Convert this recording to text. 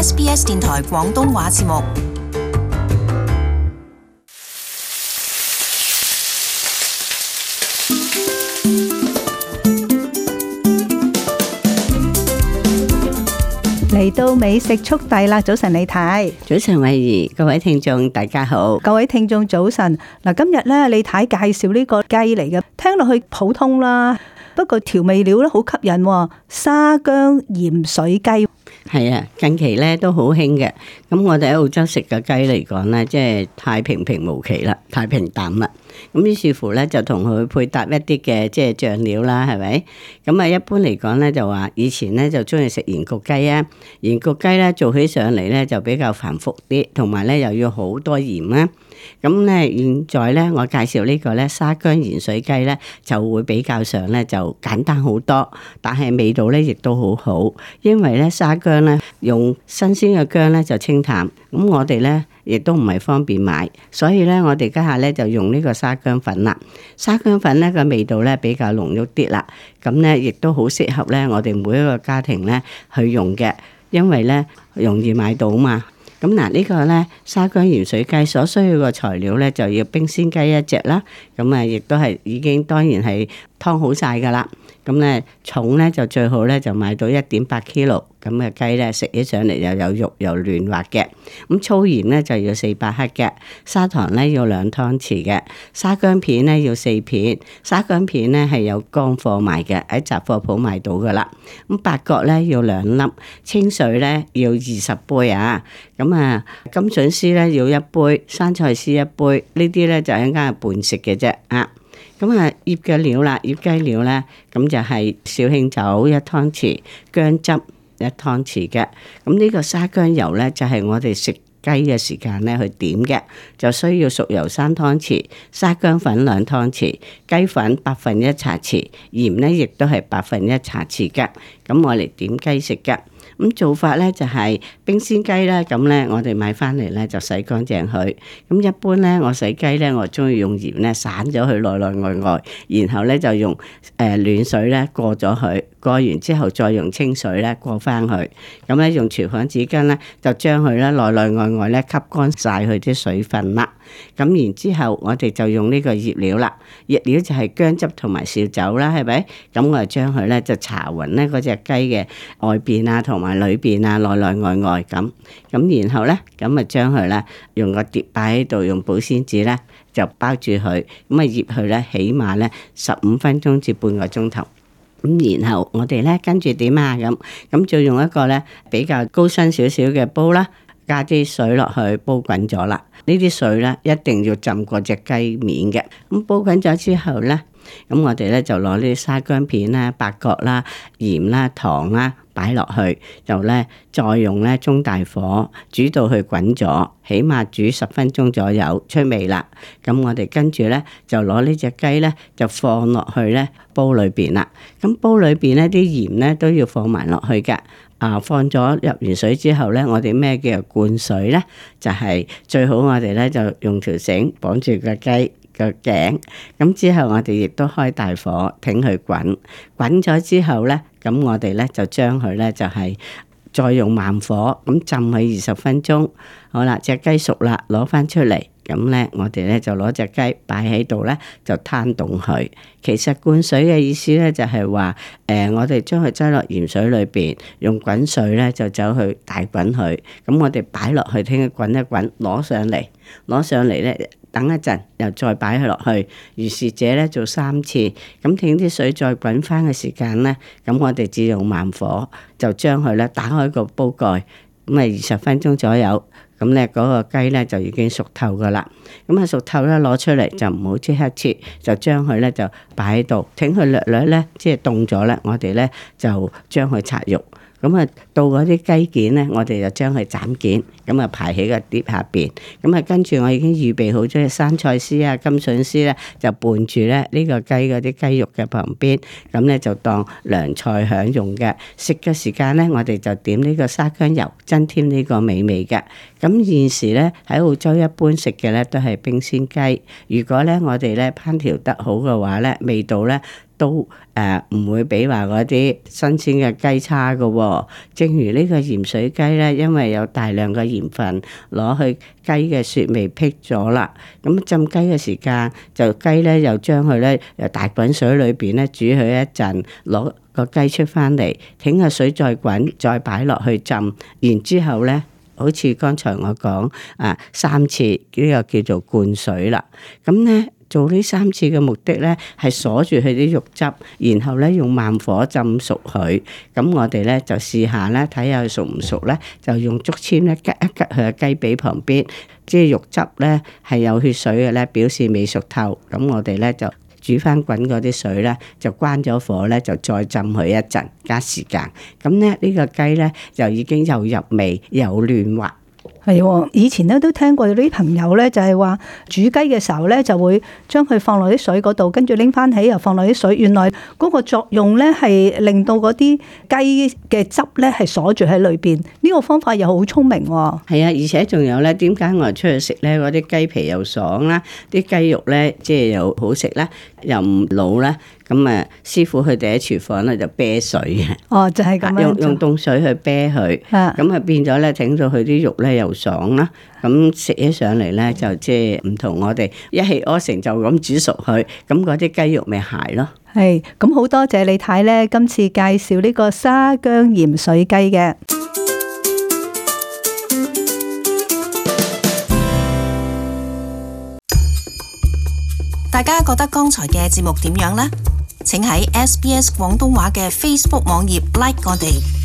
SBS 電台廣東話節目嚟到美食速遞啦！早晨李太，早晨慧怡，各位聽眾大家好，各位聽眾早晨。嗱，今日咧李太介紹呢個雞嚟嘅，聽落去普通啦，不過調味料咧好吸引，沙姜鹽水雞。係啊，近期咧都好興嘅。咁我哋喺澳洲食嘅雞嚟講咧，即係太平平無奇啦，太平淡啦。咁於是乎咧，就同佢配搭一啲嘅即係醬料啦，係咪？咁啊，一般嚟講咧就話，以前咧就中意食鹽焗雞啊，鹽焗雞咧做起上嚟咧就比較繁複啲，同埋咧又要好多鹽啦、啊。咁咧，現在咧，我介紹呢個咧沙薑鹽水雞咧，就會比較上咧就簡單好多，但係味道咧亦都好好。因為咧沙薑咧用新鮮嘅薑咧就清淡，咁我哋咧亦都唔係方便買，所以咧我哋家下咧就用呢個沙薑粉啦。沙薑粉咧個味道咧比較濃郁啲啦，咁咧亦都好適合咧我哋每一個家庭咧去用嘅，因為咧容易買到啊嘛。咁嗱，嗯這個、呢個呢，砂薑鹽水雞所需要嘅材料呢，就要冰鮮雞一隻啦。咁、嗯、啊，亦都係已經當然係湯好晒㗎喇。咁咧，重咧就最好咧，就買到一點八 kilo 咁嘅雞咧，食起上嚟又有肉又嫩滑嘅。咁粗鹽咧就要四百克嘅，砂糖咧要兩湯匙嘅，沙姜片咧要四片，沙姜片咧係有乾貨賣嘅，喺雜貨鋪買到噶啦。咁八角咧要兩粒，清水咧要二十杯啊，咁啊，甘筍絲咧要一杯，生菜絲一杯，呢啲咧就一陣間係伴食嘅啫啊咁啊，醃嘅料啦，醃雞料咧，咁就係紹興酒一湯匙，薑汁一湯匙嘅。咁呢個沙姜油咧，就係、是、我哋食雞嘅時間咧去點嘅，就需要熟油三湯匙，沙姜粉兩湯匙，雞粉百分一茶匙，鹽咧亦都係百分一茶匙嘅。咁我嚟點雞食嘅。咁做法咧就係冰鮮雞啦，咁咧我哋買翻嚟咧就洗乾淨佢。咁一般咧，我洗雞咧，我中意用鹽咧散咗佢內內外外，然後咧就用誒暖水咧過咗佢，過完之後再用清水咧過翻佢。咁咧用廚房紙巾咧就將佢咧內內外外咧吸乾晒佢啲水分啦。咁然之後我哋就用呢個醃料啦，醃料就係薑汁同埋燒酒啦，係咪？咁我哋將佢咧就搽勻咧嗰隻雞嘅外邊啊。同埋裏邊啊，內內外外咁咁，然後呢，咁啊，將佢呢用個碟擺喺度，用保鮮紙呢就包住佢，咁啊醃佢呢，起碼呢十五分鐘至半個鐘頭。咁然後我哋呢，跟住點啊？咁咁，再用一個呢比較高身少少嘅煲啦，加啲水落去煲滾咗啦。呢啲水呢，一定要浸過隻雞面嘅。咁煲滾咗之後呢。咁我哋咧就攞呢啲沙姜片啦、八角啦、鹽啦、糖啦擺落去，就咧再用咧中大火煮到佢滾咗，起碼煮十分鐘左右出味啦。咁我哋跟住咧就攞呢隻雞咧就放落去咧煲裏邊啦。咁煲裏邊咧啲鹽咧都要放埋落去嘅。啊，放咗入完水之後咧，我哋咩叫做灌水咧？就係最好我哋咧就用條繩綁住個雞個頸，咁之後我哋亦都開大火，挺佢滾，滾咗之後呢，咁我哋呢就將佢呢就係再用慢火，咁浸佢二十分鐘。好啦，隻雞熟啦，攞翻出嚟，咁呢我哋呢就攞隻雞擺喺度呢，就攤凍佢。其實灌水嘅意思呢就係話，誒，我哋將佢擠落鹽水裏邊，用滾水呢就走去大滾佢，咁我哋擺落去聽佢滾一滾，攞上嚟，攞上嚟呢。等一陣，又再擺佢落去。如是者咧做三次，咁停啲水再滾翻嘅時間咧，咁我哋只用慢火就將佢咧打開個煲蓋，咁啊二十分鐘左右。咁咧，嗰個雞咧就已經熟透噶啦。咁啊，熟透咧攞出嚟就唔好即刻切，就將佢咧就擺喺度，等佢略略咧即係凍咗咧。我哋咧就將佢拆肉。咁啊，到嗰啲雞件咧，我哋就將佢斬件，咁啊排起個碟下邊。咁啊，跟住我已經預備好咗生菜絲啊、甘筍絲咧，就拌住咧呢、這個雞嗰啲雞肉嘅旁邊。咁咧就當涼菜享用嘅。食嘅時間咧，我哋就點呢個沙薑油，增添呢個美味嘅。咁咁現時咧喺澳洲一般食嘅咧都係冰鮮雞。如果咧我哋咧烹調得好嘅話咧，味道咧都誒唔會比話嗰啲新鮮嘅雞差嘅。正如呢個鹽水雞咧，因為有大量嘅鹽分攞去雞嘅雪味辟咗啦。咁浸雞嘅時間就雞咧，又將佢咧由大滾水裏邊咧煮佢一陣，攞個雞出翻嚟，停下水再滾，再擺落去浸。然之後咧。好似剛才我講啊，三次呢個叫做灌水啦。咁咧做呢三次嘅目的咧，係鎖住佢啲肉汁，然後咧用慢火浸熟佢。咁我哋咧就試下咧，睇下佢熟唔熟咧，就用竹籤咧吉一吉佢嘅雞髀旁邊，即係肉汁咧係有血水嘅咧，表示未熟透。咁我哋咧就。煮翻滾嗰啲水咧，就關咗火咧，就再浸佢一陣，加時間。咁咧，呢個雞咧就已經又入味又嫩滑。係，以前咧都聽過啲朋友咧，就係話煮雞嘅時候咧，就會將佢放落啲水嗰度，跟住拎翻起又放落啲水。原來嗰個作用咧係令到嗰啲雞嘅汁咧係鎖住喺裏邊。呢個方法又好聰明。係啊，而且仲有咧，點解我哋出去食咧，嗰啲雞皮又爽啦，啲雞肉咧即係又好食啦，又唔老啦。咁啊，師傅佢哋喺廚房咧就啤水嘅，哦，就係咁樣，用用凍水去啤佢，咁啊變咗咧整咗佢啲肉咧又。爽啦，咁食起上嚟咧就即係唔同我哋一氣呵成就咁煮熟佢，咁嗰啲雞肉咪柴咯。係，咁好多謝李太咧今次介紹呢個沙薑鹽水雞嘅。大家覺得剛才嘅節目點樣咧？請喺 SBS 廣東話嘅 Facebook 網頁 like 我哋。